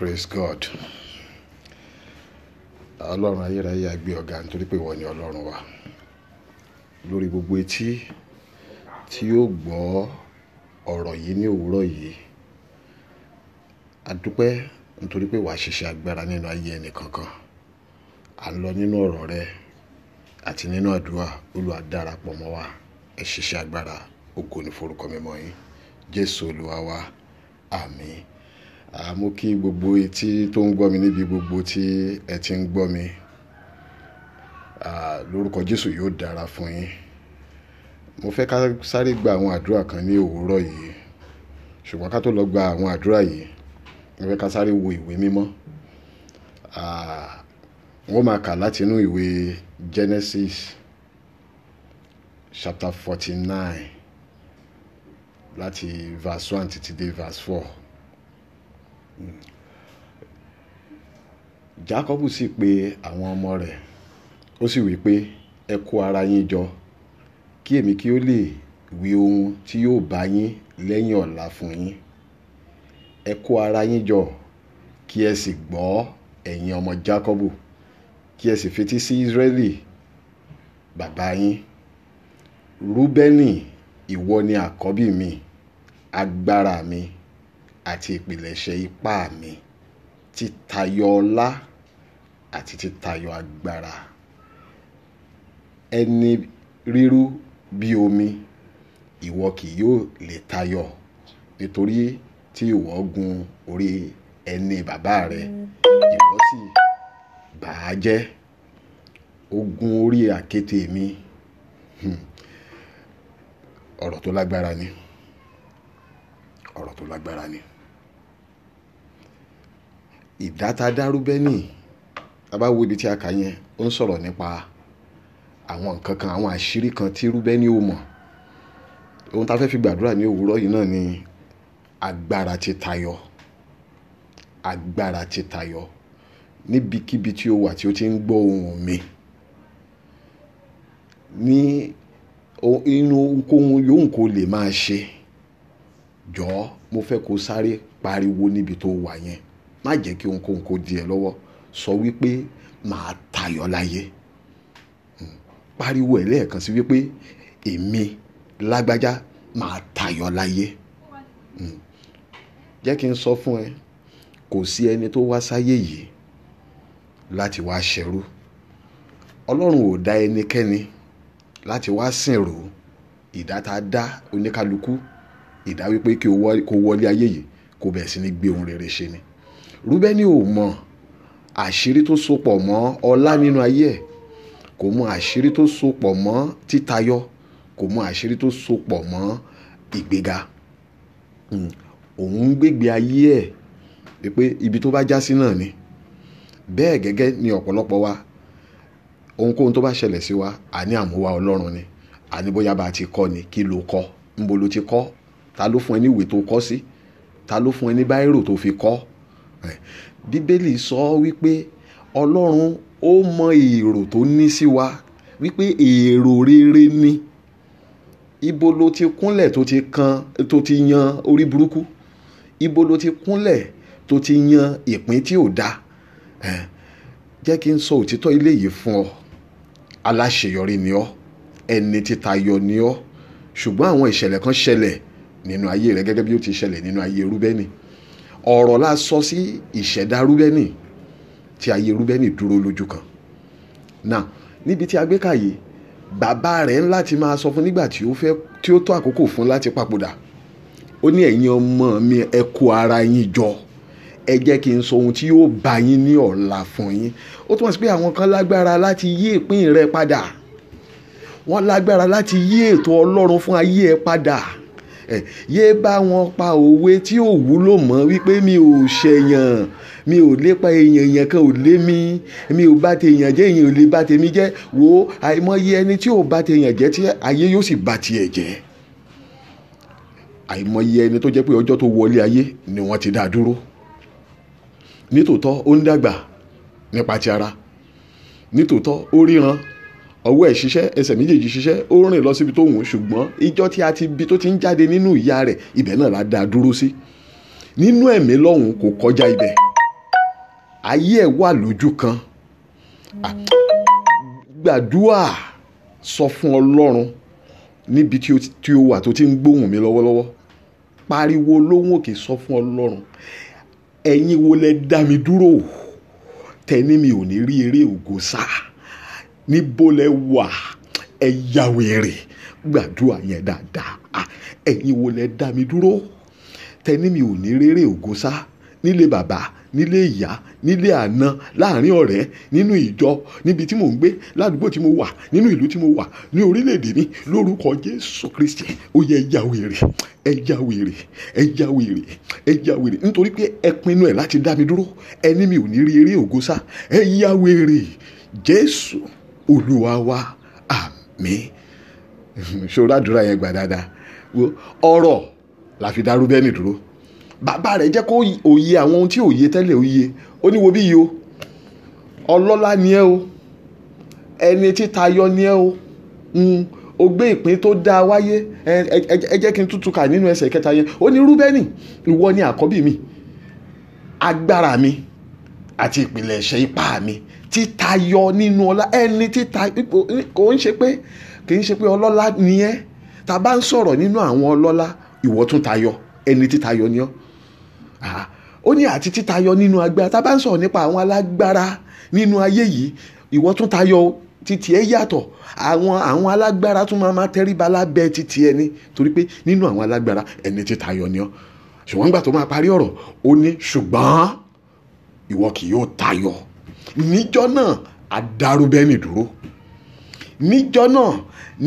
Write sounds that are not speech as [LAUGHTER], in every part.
praise god ọlọ́run ayérayé àgbé ọ̀gá nítorí pé wọ́n ní ọlọ́run wa lórí gbogbo etí tí yóò gbọ́ ọ̀rọ̀ yìí ní òwúrọ̀ yìí adúpẹ́ nítorí pé wàá ṣiṣẹ́ agbára nínú ayé ẹnì kankan à ń lọ nínú ọ̀rọ̀ rẹ àti nínú àdúrà Olúwa darapọ̀ mọ́ wa ẹ ṣiṣẹ́ agbára ògo ní forúkọ mímọ́ yín Jésù Olúwa wa àmín. mo kí gbogbo etí tó ń gbọ́ mi níbi gbogbo tí ẹ ti ń gbọ́ mi lórúkọ Jésù yóò dára fún yín mo fẹ́ ká sáré gba àwọn àdúrà kan ní òwúrọ̀ yìí ṣùgbọ́n ká tó lọ gba àwọn àdúrà yìí mo fẹ́ ká sáré wo ìwé mímọ́ wọ́n máa kà láti inú ìwé Genesis chapter forty nine láti verse one títí dé verse four. Jákọ́bù sì pe àwọn ọmọ rẹ̀ ó sì wí pé ẹ kó ara yín jọ kí èmi kí ó lè wí ohun tí yóò bá yín lẹ́yìn ọ̀la fún yín ẹ kó ara yín jọ kí ẹ sì gbọ́ ẹ̀yin ọmọ Jákọ́bù kí ẹ sì fetí sí Israẹli bàbá yín Rúbẹ́nì ìwọ ni àkọ́bí mi agbára mi àti ìpilẹ̀ṣẹ̀ ipá mi, títayọ ọlá àti títayọ agbára. Ẹni rírú bí omi, ìwọ kì yóò lè tayọ, nítorí tí ìwọ gun orí ẹni bàbá rẹ, ìwọ sì bà á jẹ́. Ó orí àkéte mi. Hmm. Ọ̀rọ̀ tó lágbára ni. Ọ̀rọ̀ tó lágbára ni ìdátadárúbẹ́nì tábà wo ibi tí a kà yẹn ó ń sọ̀rọ̀ nípa àwọn nǹkan kan àwọn àṣírí kan tí rúbẹ́nì ò mọ̀ ohun tá a fẹ́ fi gbàdúrà ní òwúrọ̀ yìí náà ni agbára ti tayọ agbára ti tayọ níbikíbi tí o wà tí o ti ń gbọ́ ohùn mi ní inú ohunkóhun yòówù kó lè máa ṣe jọ̀ọ́ mo fẹ́ kó sáré pariwo níbi tó wà yẹn má jẹ́ kí ohunkóhun kó di ẹ lọ́wọ́ sọ wípé màá tayọ láyé hmm. pariwo ẹ̀ lẹ́ẹ̀kan sí wípé èmi lágbájá màá tayọ láyé hmm. jẹ́ kí n sọ fún ẹ kò sí ẹni tó wá sáyé yìí láti wá ṣẹrú ọlọ́run ò dá ẹnikẹ́ni láti wá sìnrò ìdá tá a dá oníkálukú ìdá wípé kí o wọlé ayé yìí kò bẹ̀rẹ̀ sí ní gbé ohun rere ṣe ni rúbẹ́nì ò mọ̀ àṣírí tó sopọ̀ mọ́ ọlá nínú ayé ẹ̀ kò mọ àṣírí tó sopọ̀ mọ́ títayọ kò mọ àṣírí tó sopọ̀ mọ́ ìgbéga hmm, òun ń gbégbé ayé ẹ̀ wípé ibi tó bá já sí náà ni bẹ́ẹ̀ gẹ́gẹ́ ni ọ̀pọ̀lọpọ̀ wa ohunkóhun tó bá ṣẹlẹ̀ sí wa àní àmúwá ọlọ́run ni àní bóyá bá a ti kọ́ ni kí ló kọ́ ńbo ló ti kọ́ ta ló fún ẹ ní ìwé tó kọ́ sí ta ló fún ẹ ní báírò tó fi kọ́ bíbélì sọ wípé ọlọ́run ó mọ èrò tó ní sí wa wípé èrò rere ni ibo lo ti kúnlẹ̀ tó ti kan tó ti yan orí burúkú ibo lo ti kúnlẹ̀ tó ti yan ìpín tí ò dáa jẹ́ kí n sọ òtítọ́ ilé yìí fún ọ aláṣeyọrí ni ọ ẹni títayọ ni ọ ṣùgbọ́n àwọn ìṣẹ̀lẹ̀ kan ṣẹlẹ̀ nínú ayé rẹ gẹ́gẹ́ bí ó ti ṣẹlẹ̀ nínú ayé Rúbẹ́nì ọ̀rọ̀ la sọ sí ìṣẹ̀dá rúbẹ́nì tí ayé rúbẹ́nì dúró lójú kan náà níbi tí a gbé kàyé bàbá rẹ̀ ń láti máa sọ fún nígbà tí ó fẹ́ tí ó tó àkókò fún láti papòdà ó ní ẹ̀yin ọmọ mi ẹ kó ara yín jọ ẹ jẹ́ kí n sọ ohun tí yóò bá yín ní ọ̀la fún yín ó túmọ̀ sí pé àwọn kan lágbára láti yí ìpín rẹ padà wọ́n lágbára láti yí ètò ọlọ́run fún ayé ẹ padà yéé bá wọn pa òwe tí ò wúlò mọ́ wípé mi ò ṣẹ̀yàn mi ò lépa èèyàn èèyàn kan ò lé mi mi ò bá tèèyàn jẹ́ èèyàn ò lè bá tèmi jẹ́ wo àìmọye ẹni tí ò bá tèèyàn jẹ́ tí ayé yóò sì bá tiẹ̀ jẹ́ àìmọye ẹni tó jẹ́ pé ọjọ́ tó wọlé ayé ni wọ́n ti dá dúró nítòótọ́ ó ń dàgbà nípa ti ara nítòótọ́ ó ríran ọwọ́ ẹ̀ ṣiṣẹ́ ẹsẹ̀ méjèèjì ṣiṣẹ́ ó rìn lọ síbi tó wù ú ṣùgbọ́n ìjọ tí a ti bi tó ti ń jáde nínú ìyá rẹ̀ ibẹ̀ náà la dá dúró sí nínú ẹ̀mí lọ́hùn kò kọjá ibẹ̀ ayé ẹ̀ wà lójú kan gbàdúà sọ fún ọlọ́run níbi tí o wà tó ti ń gbóhùn mi lọ́wọ́lọ́wọ́ pariwo lóhùn òkè sọ fún ọlọ́run ẹ̀yin wo lẹ dá mi dúró tẹ́ni mi ò ní rí eré ògo sáà níbo lẹ wà ẹ ya wèrè gbàdúrà yẹn dáadáa ẹ̀yin wo lẹ dá mi dúró tẹni mi ò ní rere ògo sá nílé bàbá nílé ìyá nílé àna láàrin ọ̀rẹ́ nínú ìjọ níbi tí mò ń gbé ládùúgbò tí mo wà nínú ìlú tí mo wà ní orílẹ̀-èdè mi lórúkọ jésù kristi ó yẹ ẹja wèrè ẹja wèrè ẹja wèrè ẹja wèrè nítorí pé ẹ pinnu ẹ láti dá mi dúró ẹni mi ò ní rí eré ògo sá ẹya wèrè jésù olúwa wa àmín [LAUGHS] ṣòro àdúrà yẹn gbà dáadáa ọ̀rọ̀ la fi dá Rúbẹ́nì dúró bàbá rẹ̀ jẹ́ kó òye àwọn ohun tí òye tẹ́lẹ̀ òye ó ní wo bí yìí o ọlọ́lá ni ẹ́ o ẹni tí tayọ ni ẹ́ o hmm, o gbé ìpín tó dáa wáyé ẹ jẹ́ kí n tútù kà nínú ẹsẹ̀ kẹta yẹn ó ní Rúbẹ́nì ìwọ ni àkọ́bí mi agbára mi àti ìpìlẹ̀ ẹ̀ṣẹ̀ ipá mi títayọ nínú ọlá ẹni títa kò ń ṣe pé kì í ṣe pé ọlọ́lá ni ẹ́ tá a bá ń sọ̀rọ̀ nínú àwọn ọlọ́lá ìwọ tún tayọ ẹni títayọ ni ọ́ ó ní àti títayọ nínú agbára tá a bá ń sọ̀rọ̀ nípa àwọn alágbára nínú ayé yìí ìwọ tún tayọ títí ẹ yàtọ̀ àwọn àwọn alágbára tún máa máa tẹríba lábẹ́ títí ẹni torí pé nínú àwọn alágbára ẹni títayọ ni ọ́ ṣùgbọ́n nígbà tó máa parí ọ̀rọ̀ ó ní ṣùgbọ́n ìwọ kì yóò tayọ níjọ́ náà adarúbẹ́nì dúró níjọ́ náà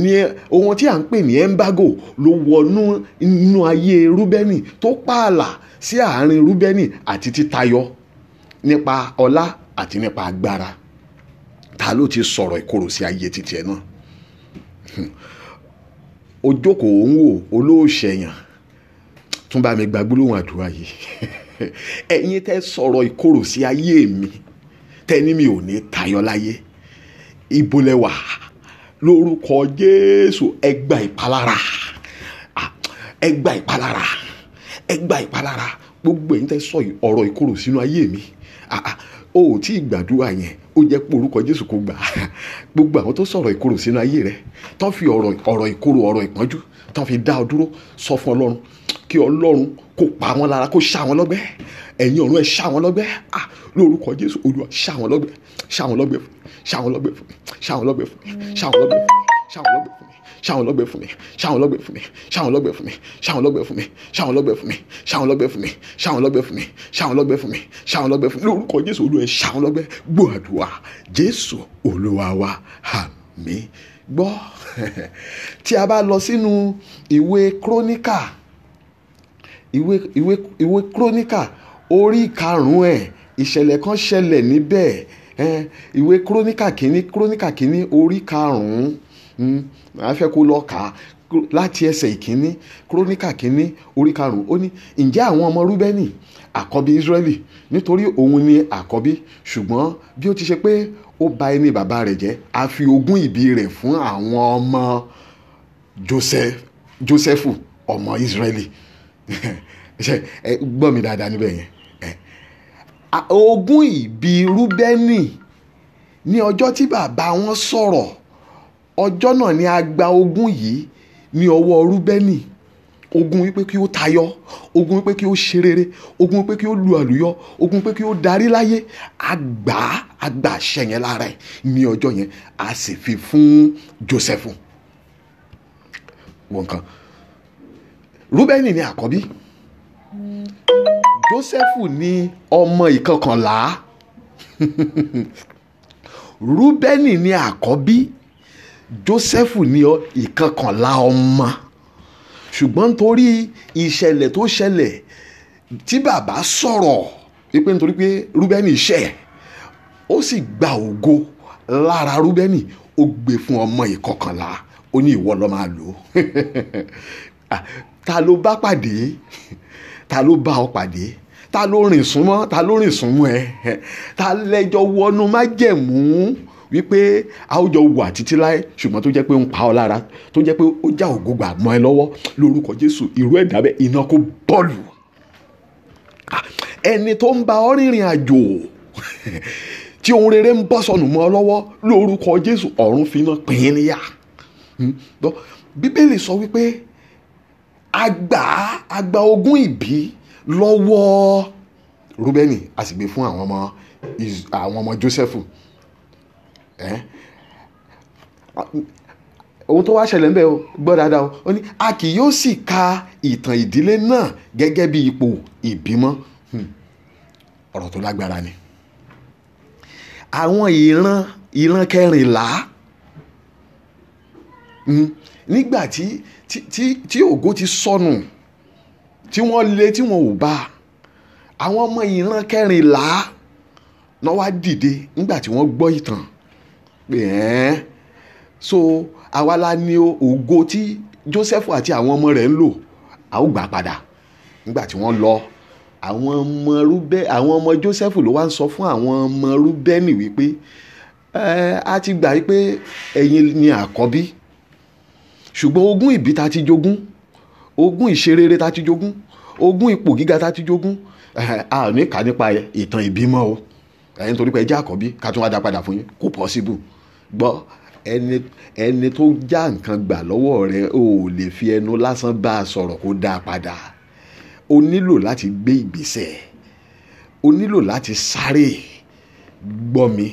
ni ohun tí à ń pè ní embargo ló wọnú inú ayé rúbẹ́nì tó pààlà sí àárín rúbẹ́nì àti títayọ nípa ọlá àti nípa agbára ta ló ti sọ̀rọ̀ ìkorò sí ayé títí ẹ náà hm. ojókòó ń wò olóòṣèyàn tún bá mi gbàgbọ́ lóhùn àdúrà yìí [LAUGHS] ẹ̀yin tẹ́ sọ̀rọ̀ ìkorò sí ayé mi tẹ́ni mi ò ní tayọ láyé ibo lẹ wà lórúkọ Jésù ẹ gba ìpalára ẹ gba ìpalára ẹ gba ìpalára gbogbo ẹ̀yin tẹ́ sọ ọ̀rọ̀ ìkorò sínú ayé mi o ò tí ì gbàdúrà yẹn ó jẹ́ pé orúkọ Jésù kò gbà [LAUGHS] gbogbo àwọn tó sọ̀rọ̀ ìkorò sínú ayé rẹ tó fi ọ̀rọ̀ ìkorò ọ̀rọ̀ ìpọ́njú tó fi dá ọ dúró sọ fún Ọlọ́run kí ọlọ́run kó pa wọn lára kó ṣá wọn lọ́gbẹ́ ẹ̀yin ọ̀run ẹ̀ ṣá wọn lọ́gbẹ́ à lórúkọ jésù olúwa ṣá wọn lọ́gbẹ́ ṣá wọn lọ́gbẹ́ ṣá wọn lọ́gbẹ́ ṣá wọn lọ́gbẹ́ ṣá wọn lọ́gbẹ́ ṣá wọn lọ́gbẹ́ ṣáwọn lọ́gbẹ̀ fún mi ṣáwọn lọ́gbẹ̀ fún mi ṣáwọn lọ́gbẹ̀ fún mi ṣáwọn lọ́gbẹ̀ fún mi ṣáwọn lọ́gbẹ̀ fún mi ṣáwọn lọ́gbẹ̀ fún mi ṣáwọn lọ́gbẹ̀ fún mi ṣáwọn lọ́gbẹ̀ fún mi ṣáwọn lọ́gbẹ̀ fún mi lórúkọ jésù olúwa ṣáwọn lọ́gbẹ̀ gbọ́ àdúrà jésù olúwa wa àmín gbọ́ tí a bá lọ sínú ìwé króníkà ìwé ìwé ìwé kronika orí karùn-ún ẹ̀ ìṣẹ̀lẹ̀ kan ṣẹlẹ̀ níbẹ̀ ìwé kíróníkà kínní kíróníkà kínní orí karùn-ún a hmm, fẹ́ kó lọ kà á láti ẹsẹ̀ ìkíní kíróníkà kínní orí karùn-ún ó ní ǹjẹ́ àwọn ọmọ rúbẹ́nì àkọ́bí israẹli nítorí òun ni àkọ́bí ṣùgbọ́n bí ó ti ṣe pé ó bà ẹni bàbá rẹ̀ jẹ́ a fi ogún ìbí rẹ̀ fún àwọn ọmọ joseph joseph ọmọ israẹli [LAUGHS] ṣe ẹ gbọ́ mi dáadáa níbẹ̀ yẹn ogún ìbí rúbẹ́nì ní ọjọ́ tí bàbá wọn sọ̀rọ̀ ọjọ́ náà ni a gba ogún yìí ní ọwọ́ rúbẹ́nì ogún wípé kí ó tayọ ogún wípé kí ó ṣe rere ogún wípé kí ó lu àlùyọ ogún wípé kí ó darí láyé àgbà àgbà ṣẹyìn lára ẹ ní ọjọ́ yẹn a sì fi fún Jósẹ́fù wọn kan rúbẹ́nì ni àkọ́bí jósẹ́fù ni ọmọ ìkọkànlá [LAUGHS] rúbẹ́nì ni àkọ́bí jósẹ́fù ni ìkọkànlá ọmọ ṣùgbọ́n nítorí ìṣẹ̀lẹ̀ tó ṣẹlẹ̀ tí bàbá sọ̀rọ̀ wípé nítorí pé rúbẹ́nì ṣẹ̀ ó sì gba ògo lára rúbẹ́nì ó gbé fún ọmọ ìkọkànlá ó ní ìwọ ló máa lò ó [LAUGHS] ah, ta ló bá pàdé ta ló bá ọ pàdé ta ló rìn súnmọ́ ta ló rìn súnmọ́ ẹ ta lẹ́jọ́ wọnú májẹ̀mú wípé àwùjọ wà títí láé ṣùgbọ́n tó jẹ́ pé ń pa ọ lára tó jẹ́ pé ó já ògógbà mọ́ ẹ lọ́wọ́ lórúkọ Jésù irú ẹ̀dá bẹ́ẹ̀ iná kó bọ́ọ̀lù ah, ẹni tó ń bá ọ rìnrìn àjò [LAUGHS] tí ohun rere ń bọ́ sọnù mọ́ ọ lọ́wọ́ lórúkọ Jésù ọ̀run fi iná pín in níyà hmm, bíbélì sọ wípé àgbà àgbà ogún ìbí lọ́wọ́ Rubeni, a sì gbé fún àwọn ọmọ àwọn ọmọ Jósẹ́fù ohun tó wá ṣẹlẹ̀ ń bẹ̀ o gbọ́ dáadáa o ó ní a kì yóò sì ka ìtàn ìdílé náà gẹ́gẹ́ bí ipò ìbímọ hmm. ọ̀rọ̀ tó lágbára ni àwọn ìran ìran kẹrìnlá hmm. nígbà tí tí ògo ti sọnù tí wọ́n lé tí wọ́n ò bá àwọn ọmọ ìran kẹrìnlá náà wá dìde nígbà tí wọ́n gbọ́ ìtàn pé ẹ́n so àwa la ní ògo tí Joseph àti àwọn ọmọ rẹ̀ ń lò a ó padà nígbà tí wọ́n lọ àwọn ọmọ Rúbẹ́ àwọn ọmọ Joseph ló wá ń sọ fún àwọn ọmọ Rúbẹ́nì wípé ẹ a ti gbà yí pé ẹ̀yin ni àkọ́bí ṣùgbọ́n ogún ìbí ta ti jogún ogún ìṣerere ta ti jogún ogún ipò gíga ta ti jogún a ní kà nípa ìtàn ìbímọ o ẹni torí pé ẹ jẹ́ àkọ́bí ká tún wá dá padà fún yín kò pọ́síbù gbọ́ ẹni ẹni tó já nǹkan gbà lọ́wọ́ rẹ o ò lè fi ẹnu lásán bá a sọ̀rọ̀ kó dá a padà o nílò láti gbé ìgbésẹ̀ o nílò láti sáré gbọ́ mi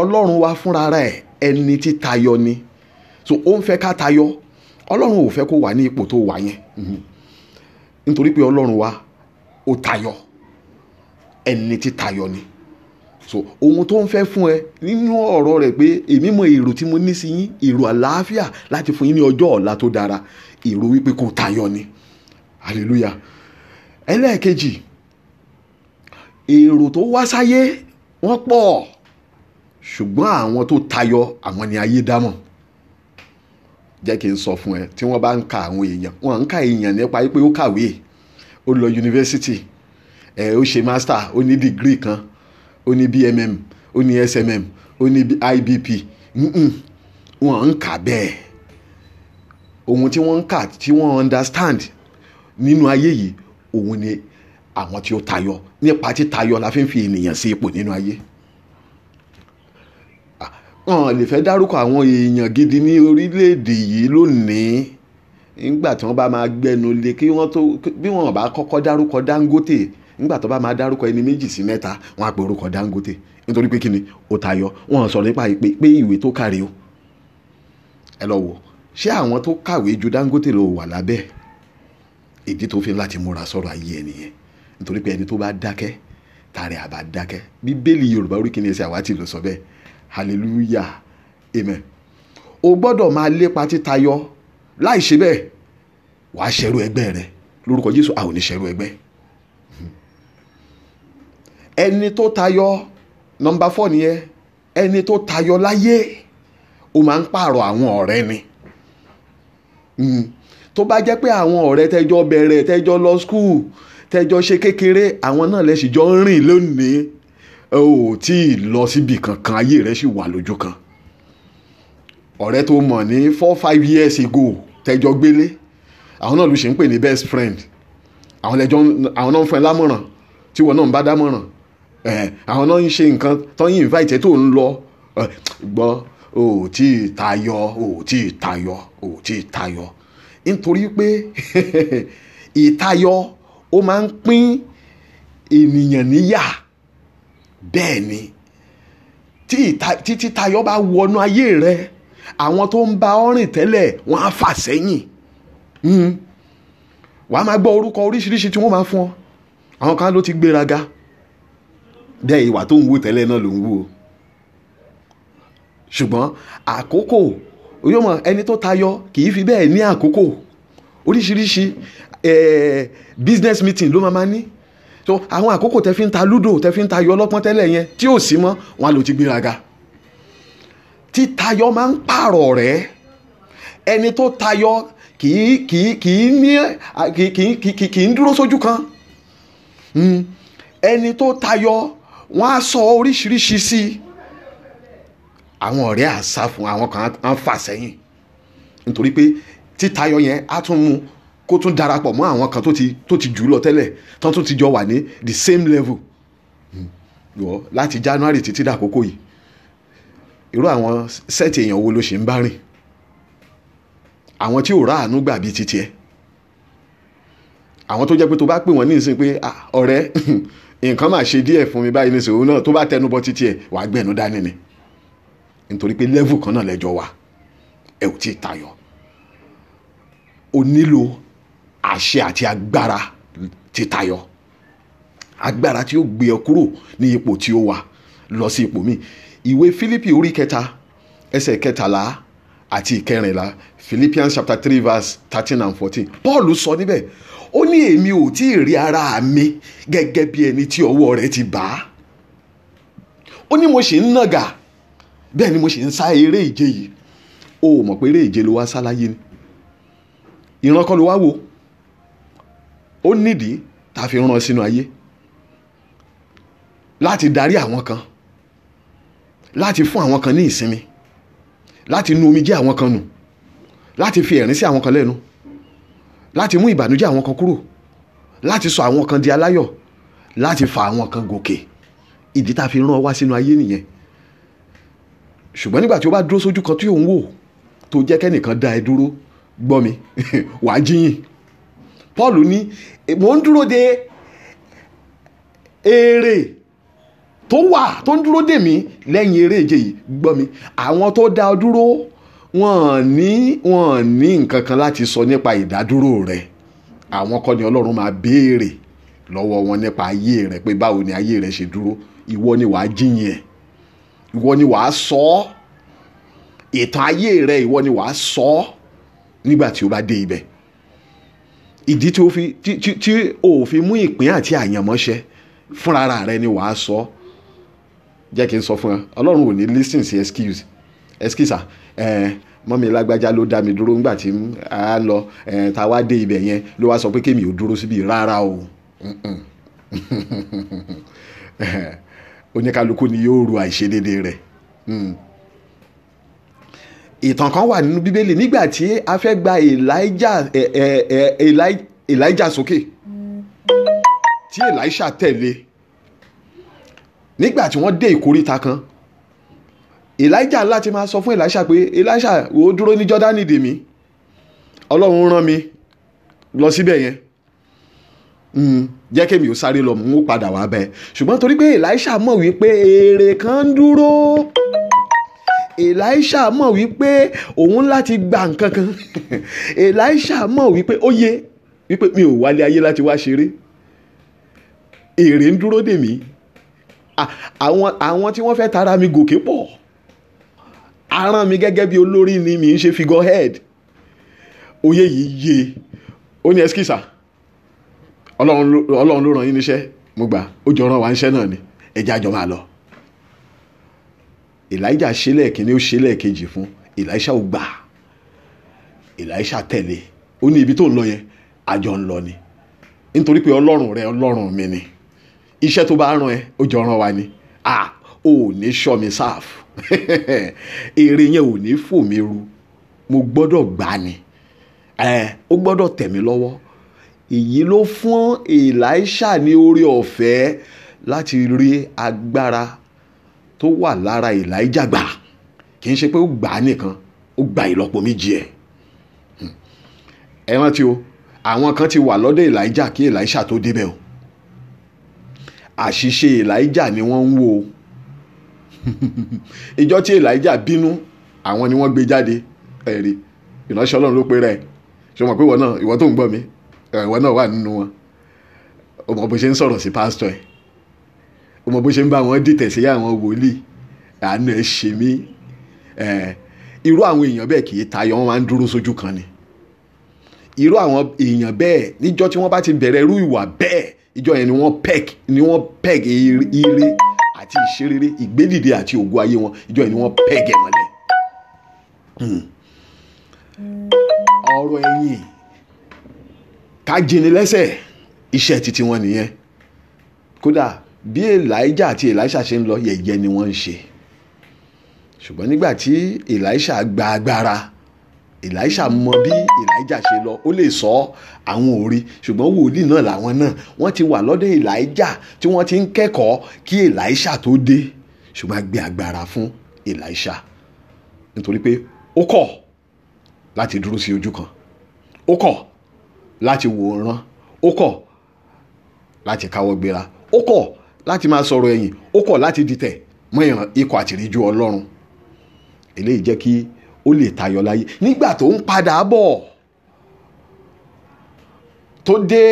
ọlọ́run wa fúnra rẹ̀ ẹni tí tayọ ni so ó ń fẹ́ ká tayọ ọlọ́run ò fẹ́ kó wà ní ipò tó wà yẹn mhm. nítorí pé ọlọ́run wa ó tayọ ẹni tí tayọ ni so ohun tó ń fẹ́ fún ẹ nínú ọ̀rọ̀ rẹ̀ pé èmi mọ èrò tí mo ní sí yín èrò àlàáfíà láti fún yín ní ọjọ́ ọ̀la tó dára èrò wípé kò tayọ ni hallelujah ẹlẹ́ẹ̀kejì èrò tó wá sáyé wọ́n pọ̀ ṣùgbọ́n àwọn tó tayọ àwọn ni ayé dámọ̀ jẹ́ kí n sọ fún ẹ tí wọ́n bá ń ka àwọn èèyàn wọ́n ń ka èèyàn nípa pé ó kàwé ó lọ yunifásitì ẹ̀ ó ṣe master ó ní degree kan ó ní bmm ó ní smm ó ní ibp wọ́n ń kà bẹ́ẹ̀ ohun tí wọ́n ń kà tí wọ́n understand nínú ayé yìí òun ni àwọn tí ó tayọ nípa títayọ la fi ń fi ènìyàn sí ipò nínú ayé wọn lè fẹ́ dárúkọ àwọn èèyàn gidi ní orílẹ̀-èdè yìí lónìí nígbà tí wọ́n bá máa gbẹnu lé kí wọ́n tó bí wọ́n bá kọ́kọ́ dárúkọ Dangote nígbà tó bá máa dárúkọ ẹni méjì sí mẹ́ta wọ́n á pe orúkọ Dangote nítorí pé kíni ó tayọ wọ́n sọ̀rọ̀ nípa ìpè pé ìwé tó kárí o ẹ lọ wò ṣé àwọn tó kàwé ju Dangote lọ wà lábẹ́ ìdí tó fi láti múra sọ̀rọ̀ ayé ẹ nìyẹn nítorí pé ẹni tó bá dákẹ́ tààrẹ àbá dákẹ́ bíbélì Yorùbá orí ẹsẹ̀ àwátì ló sọ bẹ́ẹ̀ hallelujah amen o gbọ́dọ̀ máa lépa títayọ láì ṣe bẹ́ẹ̀ wàá ṣẹrú ẹgbẹ́ rẹ lórúkọ jésù a ò ní ṣẹrú ẹgbẹ́ ẹni tó tayọ nọmba fọ nìyẹn ẹni tó tayọ láyé o máa ń pààrọ̀ àwọn ọ̀rẹ́ ni hmm. tó bá jẹ́ pé àwọn ọ̀rẹ́ tẹ́jọ bẹ̀rẹ̀ tẹ́jọ lọ skul tẹ́jọ ṣe kékeré àwọn náà lẹ́sìn jọ ń rìn lónìí ò tí ì lọ síbi kankan ayé rẹ sì wà lójú kan ọ̀rẹ́ tó mọ̀ ní four five years ago tẹ́jọ gbélé àwọn náà ló ṣe ń pè ní best friend àwọn lẹ́jọ́ àwọn náà ń fẹ́ lámọ̀ràn tí wọn náà ń bá dámọ̀ràn àwọn náà ń ṣe nǹkan tó ń invite tó ń lọ gbọ́ ò tí ì tayọ ò tí ì tayọ ò tí ì tayọ nítorí pé [LAUGHS] ìtayọ ó máa ń pín ènìyàn níyà bẹ́ẹ̀ ni tí títayọ bá wọnú ayé rẹ àwọn tó ń bá ọ rìn tẹ́lẹ̀ wọ́n á fà sẹ́yìn hmm. wàá máa gbọ́ orúkọ oríṣiríṣi tí wọ́n máa fún ọ àwọn kan ló ti gbéraga bẹ́ẹ̀ ìwà tó ń wù tẹ́lẹ̀ náà ló ń wù o ṣùgbọ́n àkókò oyómọ ẹni tó tayọ kì í fi bẹ́ẹ̀ ní àkókò oríṣiríṣi eh, business meeting ló máa máa ní tó àwọn àkókò tẹ́ fi ń ta lúdò tẹ́ fi ń tayọ ọlọ́pọ́n tẹ́lẹ̀ yẹn tí ò sí mọ́ wọn ló ti gbéraga títayọ máa ń pààrọ̀ rẹ̀ ẹni tó tayọ kì í kì í kì í ní kì í kì í kì í dúró sójú kan hmm. ẹni tó tayọ wọn á sọ oríṣiríṣi sí i àwọn ọ̀rẹ́ àṣà fún àwọn kan á fà sẹ́yìn nítorí pé títayọ yẹn á tún mú kó tún darapọ̀ mọ́ àwọn kan tó ti tó ti jù lọ tẹ́lẹ̀ tán tún ti jọ wà ní the same level wọ́ hmm. láti January títí dàkókò yìí irú àwọn sẹ́ẹ̀tì èèyàn wo ló ṣe ń bá rìn àwọn tí ò ráàánú gbà bíi titi ẹ àwọn tó jẹ́ pé tó bá pè wọ́n ní ìsìn pé ah, ọ̀rẹ́ [LAUGHS] nǹkan máa ṣe díẹ̀ fún mi báyìí nísìnyí òun náà tó bá tẹnu bọ titi ẹ wàá gbẹ̀nu dání ni nítorí pé level kan náà lẹ́jọ́ wà ẹ ò tí ì tayọ o nílò àṣẹ àti agbára ti tayọ agbára tí ó gbé ọ kúrò ní ipò tí ó wà lọ sí ipò míì ìwé Fílípì orí kẹta ẹsẹ̀ kẹtàlá àti ìkẹrìnlá Philippians chapter three verse thirteen and fourteen Paul sọ níbẹ̀ ó ní èmi ò tí ì rí ara mi gẹ́gẹ́ bí ẹni tí ọwọ́ rẹ̀ ti bà á ó ní mo ṣì ń nàgà bẹ́ẹ̀ ni mo ṣì ń sá eré ìje yìí o ò mọ̀ pé eré ìje ló wá sá láyé ni ìran ló wá wò ó nídìí tá a fi rán sínú ayé láti darí àwọn kan láti fún àwọn kan ní ìsinmi láti nu omijé àwọn kan nù láti fi ẹ̀rín sí àwọn kan lẹ́nu láti mú ìbànújẹ́ àwọn kan kúrò láti sọ àwọn kan di aláyọ̀ láti fa àwọn kan gòkè ìdí tá a fi rán ọ wá sínú ayé nìyẹn ṣùgbọ́n nígbà tí o bá dúró sójú kan tí ò ń wò tó jẹ́ kẹ́nìkan dá ẹ dúró gbọ́ mi [LAUGHS] wàá jíyìn paul ní mò ń dúró de èrè tó wà tó ń dúró dè mí lẹ́yìn eré ìje yìí gbọ́ mi àwọn tó dá ọ dúró wọ́n ní wọ́n ní nǹkan kan láti sọ nípa ìdádúró rẹ àwọn kọ́ ni ọlọ́run máa béèrè lọ́wọ́ wọn nípa ayé rẹ pé báwo ni ayé rẹ ṣe dúró ìwọ ni wàá jiyàn ẹ̀ ìwọ ni wàá sọ ọ́ ìtàn ayé rẹ ìwọ ni wàá sọ ọ́ nígbà tí o bá dé ibẹ̀ ìdí tí o fi tí tí tí o fi mú ìpín àti àyànmọ́ṣẹ fúnra rẹ ni wàá sọ jẹ́ kí n sọ fún ẹ ọlọ́run ò ní listen sí excuse excuse ẹ mọ́mi lágbájá ló dá mi dúró ńgbà tí a lọ tá a wá dé ibẹ̀ yẹn ló wá sọ pé kémi ò dúró síbi rárá o [LAUGHS] oníkálukú ni yóò ru àìṣedéédéé rẹ̀ hmm ìtàn kan wà nínú bíbélì nígbà tí a fẹ́ gba elijah elijah sókè tí elisha tẹ̀lé nígbà tí wọ́n dé ìkóríta kan elijah láti máa sọ fún elisha pé elisha ó dúró ní jọ́dánì dè mí ọlọ́run rán mi lọ síbẹ̀ yẹn hmm, jẹ́ kémi ò sáré lọ mú padà wá bẹ́ẹ̀ ṣùgbọ́n torí pé elisha mọ̀ wípé èrè kan ń dúró elisha mọ̀ wípé òun láti gba nǹkan kan [LAUGHS] elisha mọ̀ wípé ó yé wípé mi ò wálé ayé láti wá ṣeré èrè ń dúró dè mí àwọn àwọn tí wọ́n fẹ́ tara mi gòkè pọ̀ aràn mi gẹ́gẹ́ bí olórí ni mi ń ṣe figure head oyè yìí yé ó ní ẹskísà ọlọ́run ló ràn yín níṣẹ́ mo gbà ó jọ ràn wá níṣẹ́ náà ni ẹ̀jẹ̀ àjọ máa lọ elijah ṣe lẹ́ẹ̀kíní ó ṣe lẹ́ẹ̀kejì fún elisha ò gbà elisha tẹ̀lé ó ní ibi tó ń lọ yẹn àjọ ń lọ ni nítorí pé ọlọ́run rẹ ọlọ́run mi ni iṣẹ́ tó bá rán ẹ ó jọ rán wa ni ah ò ní sọ mi sáf [LAUGHS] èrè yẹn ò ní fò mí ru mo gbọ́dọ̀ gbà ni ó gbọ́dọ̀ tẹ̀ mí lọ́wọ́ èyí ló fún elisha ní oore ọ̀fẹ́ láti rí agbára tó wà lára Elijah gbà kì í ṣe pé ó gbà á nìkan ó gba ìlọ́po méjì ẹ̀ hmm. ẹ rántí o àwọn kan ti wà lọ́dọ̀ Èlíjà kí Èlíjà tó débẹ̀ o àṣìṣe Èlíjà ni wọ́n ń wò [LAUGHS] ìjọ tí Èlíjà bínú àwọn ni wọ́n gbé jáde ẹ̀rí ìránṣẹ́ Ọlọ́run ló pe rẹ̀ ṣé o pé ìwọ náà ìwọ tó ń gbọ́ mi ìwọ náà wà nínú wọn o bó ṣe ń sọ̀rọ̀ sí pásítọ̀ ẹ̀ o mọ bó ṣe ń bá wọn dìtẹ̀ sí àwọn wòlíì àánú ẹ ṣe mí irú àwọn èèyàn bẹ́ẹ̀ kì í tayọ wọn máa ń dúró sójú kan ni irú àwọn èèyàn bẹ́ẹ̀ níjọ́ tí wọ́n bá ti bẹ̀rẹ̀ irú ìwà bẹ́ẹ̀ ìjọ yẹn ni wọ́n peg ni wọ́n peg ire àti ìṣerere ìgbédìde àti ògo ayé wọn ìjọ yẹn ni wọ́n peg ẹ̀ mọ́lẹ̀ hmm. ọ̀rọ̀ ẹ̀yìn ká jìnnì lẹ́sẹ̀ iṣẹ́ titi wọn nìyẹn kódà bí Elijah àti Elisha ṣe ń lọ yẹ̀yẹ́ ni wọ́n ń ṣe ṣùgbọ́n nígbà tí Elisha gba agbára Elisha mọ bí Elijah ṣe lọ ó lè sọ àwọn òri ṣùgbọ́n wòlíì náà làwọn náà wọ́n ti wà lọ́dọ̀ Elijah tí wọ́n ti ń kẹ́kọ̀ọ́ kí Elisha tó dé ṣùgbọ́n a gbé agbára fún Elisha nítorí pé ó kọ̀ láti dúró sí ojú kan ó kọ̀ láti wòran ó kọ̀ láti káwọ́ gbéra ó kọ̀ láti máa sọ̀rọ̀ ẹ̀yìn ó kọ̀ láti dìtẹ̀ mọ́ ìran ikọ̀ àtìríjú ọlọ́run eléyìí jẹ́ kí ó lè tayọ láyé nígbà tó ń padà bọ̀ tó dé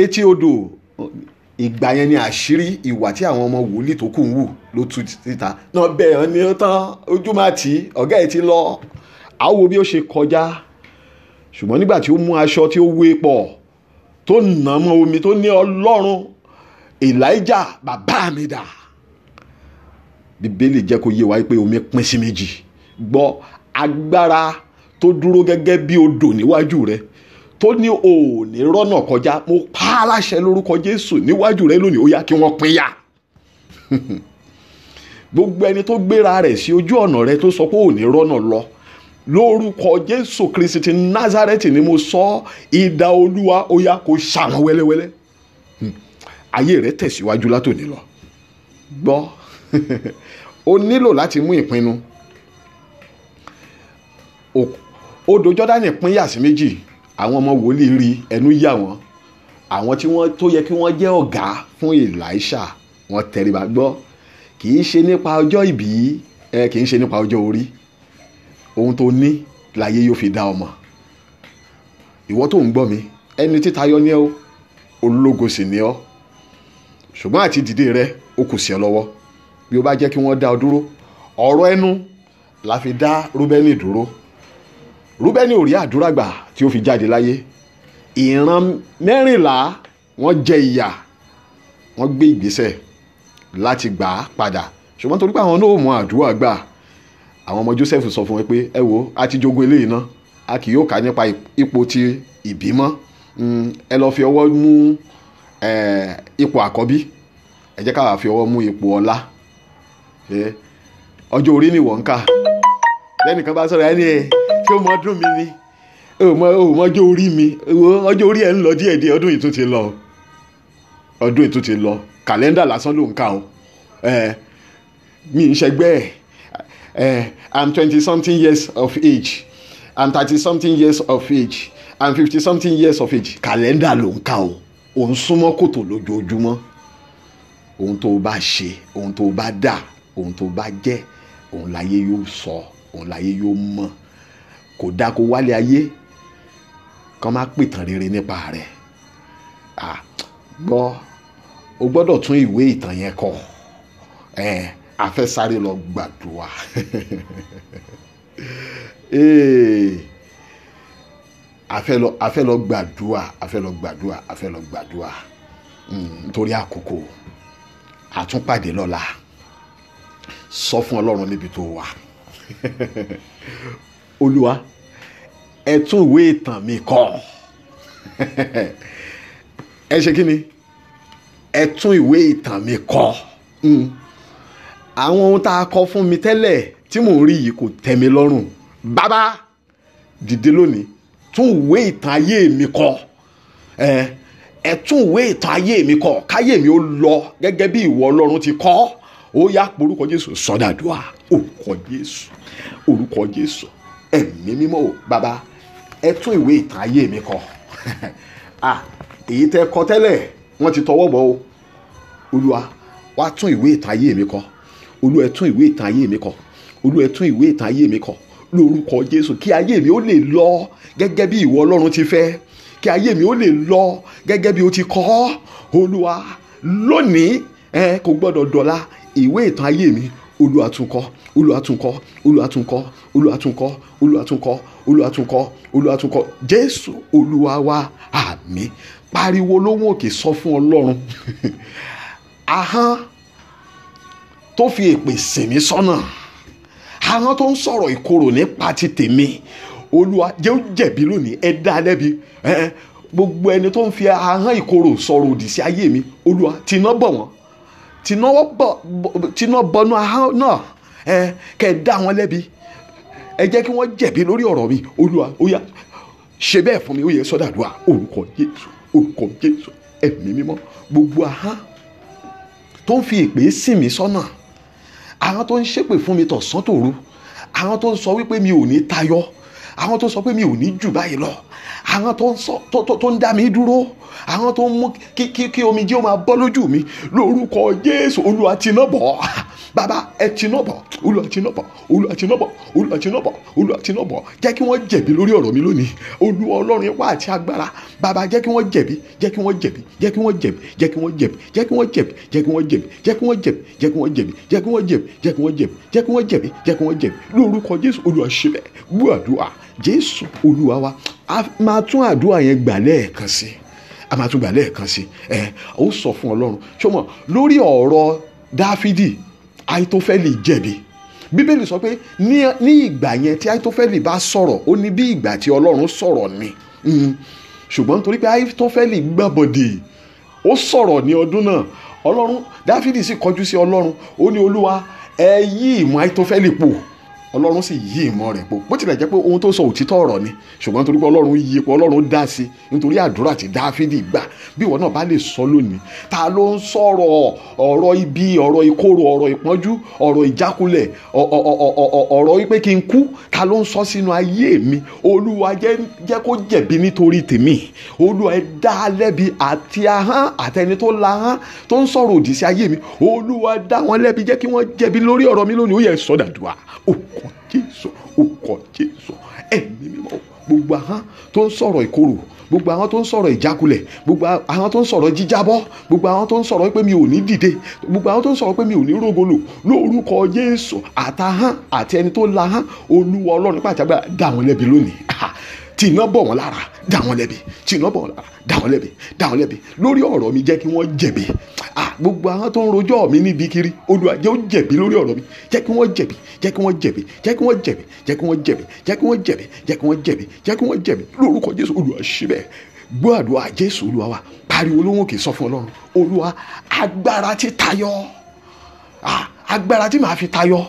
etí odò ìgbà yẹn ni àṣírí ìwà tí àwọn ọmọ wòlíì tó kù ń wù ló tú síta náà bẹ̀rẹ̀ ni ó tán ojú máa tì í ọ̀gá ẹ̀ ti lọ àwọn bí ó ṣe kọjá ṣùgbọ́n nígbà tí ó mú aṣọ tí ó wé pọ̀ tó nà mọ́ omi tó ní ọlọ́run elijah bàbá mi dà bíbélì jẹ́ kó yé wa pé omi pín sí méjì gbọ́ agbára tó dúró gẹ́gẹ́ bí odò níwájú rẹ tó ní o ò ní rọ́nà kọjá mo pa á láṣẹ lórúkọ jésù níwájú rẹ lónìí ó yá kí wọ́n pín yà [LAUGHS] gbogbo ẹni tó gbéra rẹ̀ sí ojú ọ̀nà rẹ tó sọ pé ò rọ́nà lọ lórúkọ jésù kristi nazareti ni mo sọ idà olúwa ó yá kó ṣàwọn wẹ́lẹ́wẹ́lẹ́ ayé rẹ tẹ̀síwájú látòní lọ gbọ́ [LAUGHS] o nílò láti mú ìpinnu odò Jọ́dánì pín yà sí méjì àwọn ọmọ wòlíì rí ẹnu yà wọ́n àwọn tí wọ́n tó yẹ kí wọ́n jẹ́ ọ̀gá fún Èlíṣà wọ́n tẹríba gbọ́ kì í ṣe nípa ọjọ́ ìbí ẹ kì í ṣe nípa ọjọ́ orí ohun tó ní láyé yóò fi dá ọmọ ìwọ tó ń gbọ́ mi ẹni títayọ ni ọ́ ológo sì ni ọ́ ṣùgbọ́n àti dìde rẹ ó kù sí ẹ lọ́wọ́ bí ó bá jẹ́ kí wọ́n dá ọ dúró ọ̀rọ̀ ẹnu la fi dá Rúbẹ́nì dúró Rúbẹ́nì ò rí àdúrà gbà tí ó fi jáde láyé ìran mẹ́rìnlá wọ́n jẹ ìyà wọ́n gbé ìgbésẹ̀ láti gbà á padà ṣùgbọ́n torí pé àwọn náà mọ àdúrà gbà àwọn ọmọ Joseph sọ fún wọn pé ẹ wo a ti jogun eléyìí náà a kì yóò kà nípa ipò ti ìbímọ hmm, ẹ lọ fi ọwọ́ mú ipò àkọ́bí jẹ́ káwa fi ọwọ́ mú ipò ọlá ọjọ́ orí ni wọ́n ń kà bá sọ̀rọ̀ ẹni ẹ̀ ṣé o mọ ọdún mi ni o mọ ọjọ́ orí mi ọjọ́ orí ẹ̀ ń lọ díẹ̀díẹ̀ ọdún ìtún ti lọ ọdún ìtún ti lọ kàlẹ́ndà lásán ló ń kà o mi ń ṣẹgbẹ́ ẹ̀ i'm twenty something years of age i'm thirty something years of age i'm fifty something years of age kàlẹ́ndà ló ń kà o ò ń súnmọ́ kòtò lójoojúmọ́ ohun tó o bá ṣe ohun tó o bá dà ohun tó o bá jẹ́ ohun láyé yóò sọ ohun láyé yóò mọ̀ kò dáa kó wálé ayé kàn má pìtàn rere nípa rẹ̀ à gbọ́ o gbọ́dọ̀ tún ìwé ìtàn yẹn kọ ẹ̀ a [LAUGHS] lọ gbàdúrà a lọ gbàdúrà a lọ gbàdúrà a hmm, lọ gbàdúrà nítorí àkókò àtúnpàdé lọ́la sọ fún ọlọ́run níbi tó wà [LAUGHS] olúwa ẹ tún ìwé ìtàn mi kọ [LAUGHS] ẹ ṣe kí ni ẹ tún ìwé ìtàn mi kọ hmm. àwọn ohun tá a kọ fún mi tẹ́lẹ̀ tí mò ń rí yìí kò tẹ́ mi lọ́rùn bàbá dìde lónìí tún ìwé ìtàn ayé mi kọ ẹ. Eh, ẹ tún ìwé ìtàn ayé mi kọ káyé mi ó lọ gẹ́gẹ́ bí ìwọ ọlọ́run ti kọ ó yá orúkọ jésù sọdàdúà orúkọ jésù orúkọ jésù ẹ̀mí mímọ́ o bàbá ẹ tún ìwé ìtàn ayé mi kọ [LAUGHS] èyí tẹ kọ tẹ́lẹ̀ wọ́n ti tọwọ́ bọ̀ o olúwa wàá tún ìwé ìtàn ayé mi kọ olúwa ẹ tún ìwé ìtàn ayé mi kọ olúwa ẹ tún ìwé ìtàn ayé mi kọ lórúkọ jésù kí ayé mi ó lè lọ gẹ́gẹ́ bí ìwọ ọlọ́run ti fẹ́ kí ayé mi ó lè lọ gẹ́gẹ́ bí o ti kọ ọ́ olúwa lónìí ẹ kò gbọ́dọ̀ dọ̀la ìwé ìtàn ayé mi olúwa tún kọ olúwa tún kọ olúwa tún kọ olúwa tún kọ olúwa tún kọ olúwa tún kọ olúwa tún kọ jésù olúwa wa àmín pariwo lóhùn òkè sọ fún ọlọ́run [LAUGHS] ahọ́n tó fi èpè sìn mí sọ́nà ahọ́n tó ń sọ̀rọ̀ ìkorò nípa ti tèmi olúwa jẹ́ ó jẹ̀bi lónìí ẹ dá lẹ́bi gbogbo ẹni tó ń fi ahọ́n ìkorò sọ̀rọ̀ òdì sí ayé mi olúwa tìǹà bọ̀ wọ́n tìǹà bọnú ahọ́n náà kẹ́ ẹ dá wọn lẹ́bi ẹ jẹ́ kí wọ́n jẹ̀bi lórí ọ̀rọ̀ mi olúwa ó yá ṣe bẹ́ẹ̀ fún mi ó yẹ sọ́dàdúrà orúkọ jésù orúkọ jésù ẹ̀mí mímọ́ gbogbo ahọ́n tó ń fi ìpè sìn mí sọ́nà ahọ́n tó ń ṣépè fún mi tọ̀sán tòru ahọ́n tó ń sọ wípé mi ò ní tayọ àwọn tó sọ pé mi ò ní jù báyìí lọ àwọn tó ń dá mi dúró àwọn tó ń mú kí omijé ó máa bọ́ lójú mi lórúkọ Jésù Olúwa tiná bọ̀ bàbá ẹ tiná bọ̀ Olúwa tiná bọ̀ Olúwa tiná bọ̀ Olúwa tiná bọ̀ Olúwa tiná bọ̀ jẹ́ kí wọ́n jẹ̀bi lórí ọ̀rọ̀ mi lónìí Olúwa Ọlọ́run wá àti agbára bàbá jẹ́ kí wọ́n jẹ̀bi jẹ́ kí wọ́n jẹ̀bi jẹ́ kí wọ́n jẹ̀bi jẹ́ kí wọ́n jẹ̀bi jẹ́ kí wọ́n jẹ̀bi jẹ́ kí wọ́n jẹ̀bi jẹ́ kí wọ́n jẹ̀bi jẹ́ kí wọ́n jẹ̀bi jẹ́ kí wọ́n jẹ̀bi jẹ́ kí wọ́n jẹ̀bi jẹ́ kí wọ́n jẹ̀bi jẹ́ kí wọ́n jẹ̀bi lórúkọ Jésù Olúwa ṣe bẹ́ẹ̀ gbọ́ àdúrà jésù olúwa wa a máa tún àdúrà yẹn gbà lẹ́ẹ̀kan sí a máa tún gbà lẹ́ẹ̀kan sí ẹ ó sọ fún ọlọ́run ṣọmọ lórí ọ̀rọ̀ dáfídì àìtófẹ́lì jẹ̀bi bíbélì sọ pé ní ìgbà yẹn tí àìtófẹ́lì bá sọ̀rọ̀ ó ní bí ìgbà tí ọlọ́run sọ̀rọ̀ ni hmm. ṣùgbọ́n nítorí pé àìtófẹ́lì gbàbọ̀dè ó sọ̀rọ̀ ní ọdún náà ọlọ́run dáfídì sì kọjú sí ọlọ́run ó ní olúwa ẹ yí ìmọ̀ àìtófẹ́lì pò ọlọ́run sì yí ìmọ̀ rẹ̀ po bó tilẹ̀ jẹ́ pé ohun tó sọ òtítọ́ ọ̀rọ̀ ni ṣùgbọ́n torí pé ọlọ́run yí ipò ọlọ́run dá sí nítorí àdúrà tí dáfídì gbà bí ìwọ náà bá lè sọ lónìí ta ló ń sọ̀rọ̀ ọ̀rọ̀ ibi ọ̀rọ̀ ìkorò ọ̀rọ̀ ìpọ́njú ọ̀rọ̀ ìjákulẹ̀ ọ̀rọ̀ wípé kí n kú ta ló ń sọ sínú ayé mi olúwa jẹ́ kó jẹ̀bi nítorí tèmi olúwa dá lẹ́bi orúkọ jésù orúkọ jésù ẹ̀mí mímọ́ gbogbo ahọ́n tó ń sọ̀rọ̀ ìkorò gbogbo àwọn tó ń sọ̀rọ̀ ìjákulẹ̀ gbogbo àwọn tó ń sọ̀rọ̀ jíjábọ́ gbogbo àwọn tó ń sọ̀rọ̀ pé mi ò ní dìde gbogbo àwọn tó ń sọ̀rọ̀ pé mi ò ní rogolo lórúkọ jésù àtàhán àti ẹni tó lahán olúwa ọlọ́run pàtàkì dá wọn lẹ́bi lónìí [LAUGHS] tí iná bọ̀ wọ́n lára dá wọn lẹ́bi tí iná bọ̀ wọ́n lára dá wọn lẹ́bi dá wọn lẹ́bi lórí ọ̀rọ̀ mi jẹ́ kí wọ́n jẹ̀bi à gbogbo àwọn tó ń rojọ́ mi níbi kiri Olúwa jẹ́ ó jẹ̀bi lórí ọ̀rọ̀ mi jẹ́ kí wọ́n jẹ̀bi jẹ́ kí wọ́n jẹ̀bi jẹ́ kí wọ́n jẹ̀bi jẹ́ kí wọ́n jẹ̀bi jẹ́ kí wọ́n jẹ̀bi jẹ́ kí wọ́n jẹ̀bi jẹ́ kí wọ́n jẹ̀bi lórúkọ Jésù Olúwa ṣe Jésù Olúwa wa pariwo olóhùn kì í sọ fún Ọlọ́run Olúwa agbára ti tayọ agbára tí màá fi tayọ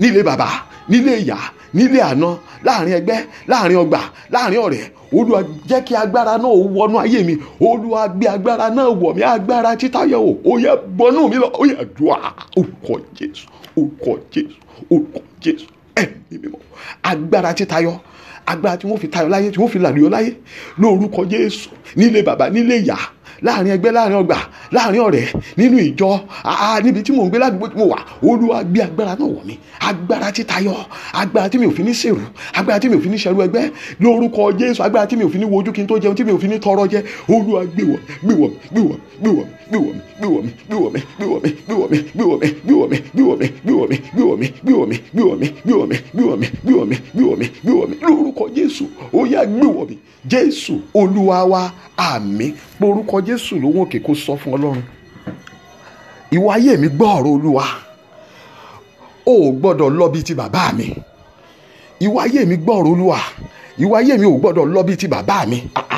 nílé bàbá nílé ìyá nílé àná láàrin ẹgbẹ́ láàrin ọgbà láàrin ọ̀rẹ́ olúwa jẹ́ kí agbára náà wọnú ayé mi olúwa gbé agbára náà wọ̀ mí agbára títayọ̀ o ó yẹ bọnú mi lọ ó yẹ dùà orúkọ jésù orúkọ jésù orúkọ jésù ẹ̀mí mímọ́ agbára títayọ̀ agbára tí wọ́n fi tayọ̀ láyé tí wọ́n fi làlùyọ̀ láyé lórúkọ jésù nílé bàbá nílé ìyá láàrin ẹgbẹ́ láàrin ọgbà láàrin ọ̀rẹ́ nínú ìjọ níbi tí mò ń gbé ládùúgbò tí mo wà olúwa gbé agbára náà wọ̀ mí agbára tí tayọ agbára tí mi ò fi ní ṣèrú agbára tí mi ò fi ní ṣẹrú ẹgbẹ́ lórúkọ jésù agbára tí mi ò fi ní wojú kí n tó jẹun tí mi ò fi ní tọrọ jẹ olúwa gbé wọ̀ gbé wọ̀ gbé wọ̀ gbé wọ̀ Biło mi, biło mi, biło mi, biło mi, biło mi, biło mi, biło mi, biło mi, biło mi, biło mi, biło mi, biło mi, biło mi, biło mi, biło mi, biło mi, biło mi, lórúkọ Jésù, ó yá gbìwọ̀ mi, Jésù Olúwa wa, àmín, lórúkọ Jésù lóhùn òkè kó sọ fún Ọlọ́run. Ìwọ ayé mi gbọ́ ọ̀rọ̀ Olúwa, o ò gbọ́dọ̀ lọ bíi ti bàbá mi. Ìwọ ayé mi gbọ́ ọ̀rọ̀ Olúwa, ìwọ ayé mi ò gbọ́dọ̀ lọ bíi ti bàbá mi. Ah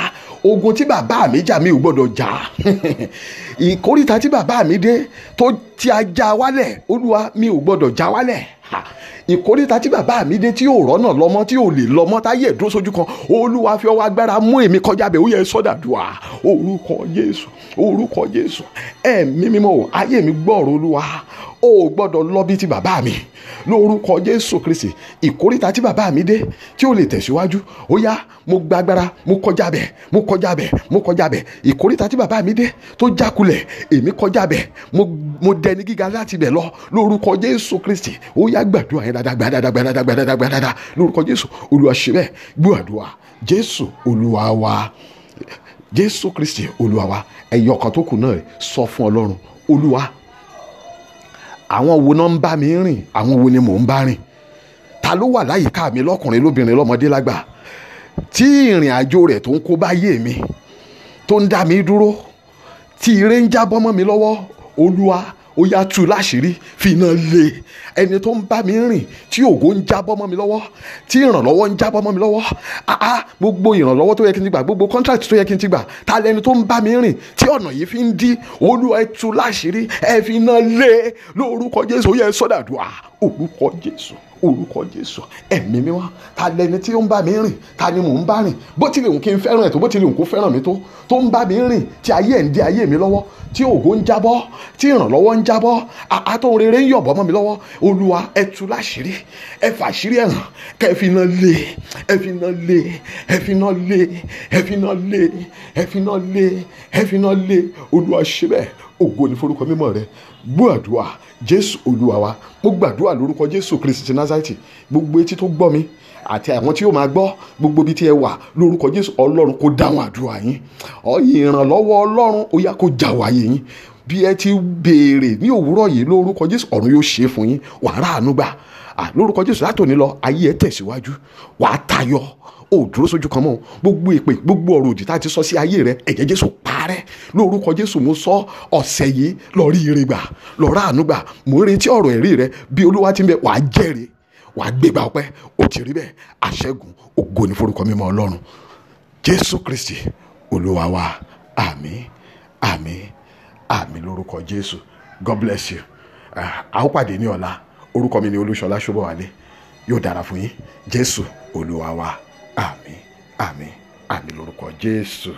ogun tí bàbá mi jà mi ò gbọ́dọ̀ jà [LAUGHS] ìkórìtà tí bàbá mi dé tó ti ajá wálẹ̀ olúwa mi ò gbọ́dọ̀ já wálẹ̀ ìkórìtà tí bàbá mi dé tí yóò rọ́nà lọ́mọ tí yóò lè lọ́mọ táyé dúró sójú kan olúwa fi ọwọ́ agbára mú èmi kọjá bẹ̀ ó yẹ sọ́dàdùà orúkọ jésù orúkọ jésù ẹ̀mí mímọ́ ayé mi gbọ́ọ̀rọ̀ olúwa o ò gbọ́dọ̀ lọ bí ti bàbá mi lórúkọ jésù kristi ìkórìtà tí bàbá mi dé tí ó lè tẹ̀síwájú ó yá mo gba agbára mo kọjá bẹ̀ mo kọjá bẹ̀ mo kọjá bẹ̀ ìkórìtà tí bàbá mi dé tó jákulẹ̀ èmi kọjá bẹ̀ mo dẹni gíga láti bẹ̀ lọ lórúkọ jésù kristi ó yá gbàdúrà yẹn dáadáa gbàdáadáa gbàdáadáa gbàdáadáa gbàdáadáa lórúkọ jésù olúwa ṣe bẹ́ẹ̀ gbàdúrà jésù olúwa wa jésù kristi olúwa wa ẹ̀yọ̀kan tó kù náà sọ fún ọlọ́run olúwa àwọn wo náà ń bá mi rìn àwọn wo ni mò ń bá rìn ta ló wà láyìíká mi lọ́kùnrin lóbìnrin lọ́mọdé lágbà tí ìrìn àjò rẹ̀ tó ń kó báyé mi tó ń dá mi dúró tí ire ń jábọ́ mọ́ mi lọ́wọ́ olúwa ó yá tú láṣìírí fi iná lé ẹni tó ń bá mi rìn tí ògo ń jábọ́ mọ́ mi lọ́wọ́ tí ìrànlọ́wọ́ ń jábọ́ mọ́ mi lọ́wọ́ àá gbogbo ìrànlọ́wọ́ tó yẹ kí n ti gbà gbogbo contract tó yẹ kí n ti gbà ta lẹni tó ń bá mi rìn tí ọ̀nà yìí fi ń dí olúwa ẹ tú láṣìírí ẹ fi iná lé lórúkọ jésù ó yẹ sọ́dàdùà orúkọ jésù orúkọ jésù ẹ̀mí mi wá ta lẹni tí ó ń bá mi rìn ta ni mò ń bá rìn bó tilẹ̀ òun kí n fẹ́ràn ẹ̀ tó bó tilẹ̀ òun kó fẹ́ràn mi tó tó ń bá mi rìn tí ayé ẹ̀ ń di ayé mi lọ́wọ́ tí ògo ń jábọ́ tí ìrànlọ́wọ́ ń jábọ́ àtọ́hún rere ń yọ̀bọ́ mọ́ mi lọ́wọ́ olúwa ẹ tú láṣìírí ẹ fàṣírí ẹ̀ràn kẹ́ fi iná lé ẹ fi iná lé ẹ fi iná lé ẹ fi iná lé ẹ fi iná lé ẹ fi iná lé olúwa ṣe bẹ́ẹ̀ ògo ní forúkọ mímọ́ rẹ gbọ́ àdúrà jésù olúwa wa mo gbàdúrà lórúkọ jésù kristi nazareti gbogbo etí tó gbọ́ mi àti àwọn tí yóò máa gbọ́ gbogbo ibi tí ẹ wà lórúkọ jésù ọlọ́run kó dáhùn àdúrà yín ìrànlọ́wọ́ ọlọ́run ó yá kó jà wáyé yín bí ẹ ti béèrè ní òwúrọ̀ yìí lórúkọ jésù ọ̀run yóò ṣe fún yín wàá rà àánú gbà lórúkọ jésù látòní lọ ayé ẹ tẹ̀síwájú wàá tayọ ò dúró sójú kan mọ́ gbogbo èpè gbogbo ọ̀rọ̀ òdì tá a ti sọ sí ayé rẹ ẹ̀jẹ̀ jésù parẹ́ lórúkọ jésù mo sọ ọ̀sẹ̀ yìí lọ rí ire gbà lọ rà àánú gbà mò ń retí ọ̀rọ̀ ẹ̀rí rẹ bí olúwa ti ń bẹ wàá jẹ́rìí wàá gbégbá ọpẹ́ ó ti rí bẹ́ẹ̀ àṣẹ́gun ògo ní forúkọ mímọ́ ọlọ́run jésù kristi olúwa wa àmín àmín àmín lórúkọ jésù god bless you a ó pàdé ní ọ̀la orúkọ mi ni olúṣọlá ṣọbọwálé yóò dára fún yín jésù olúwa wa àmín àmín àmín lórúkọ Jésù.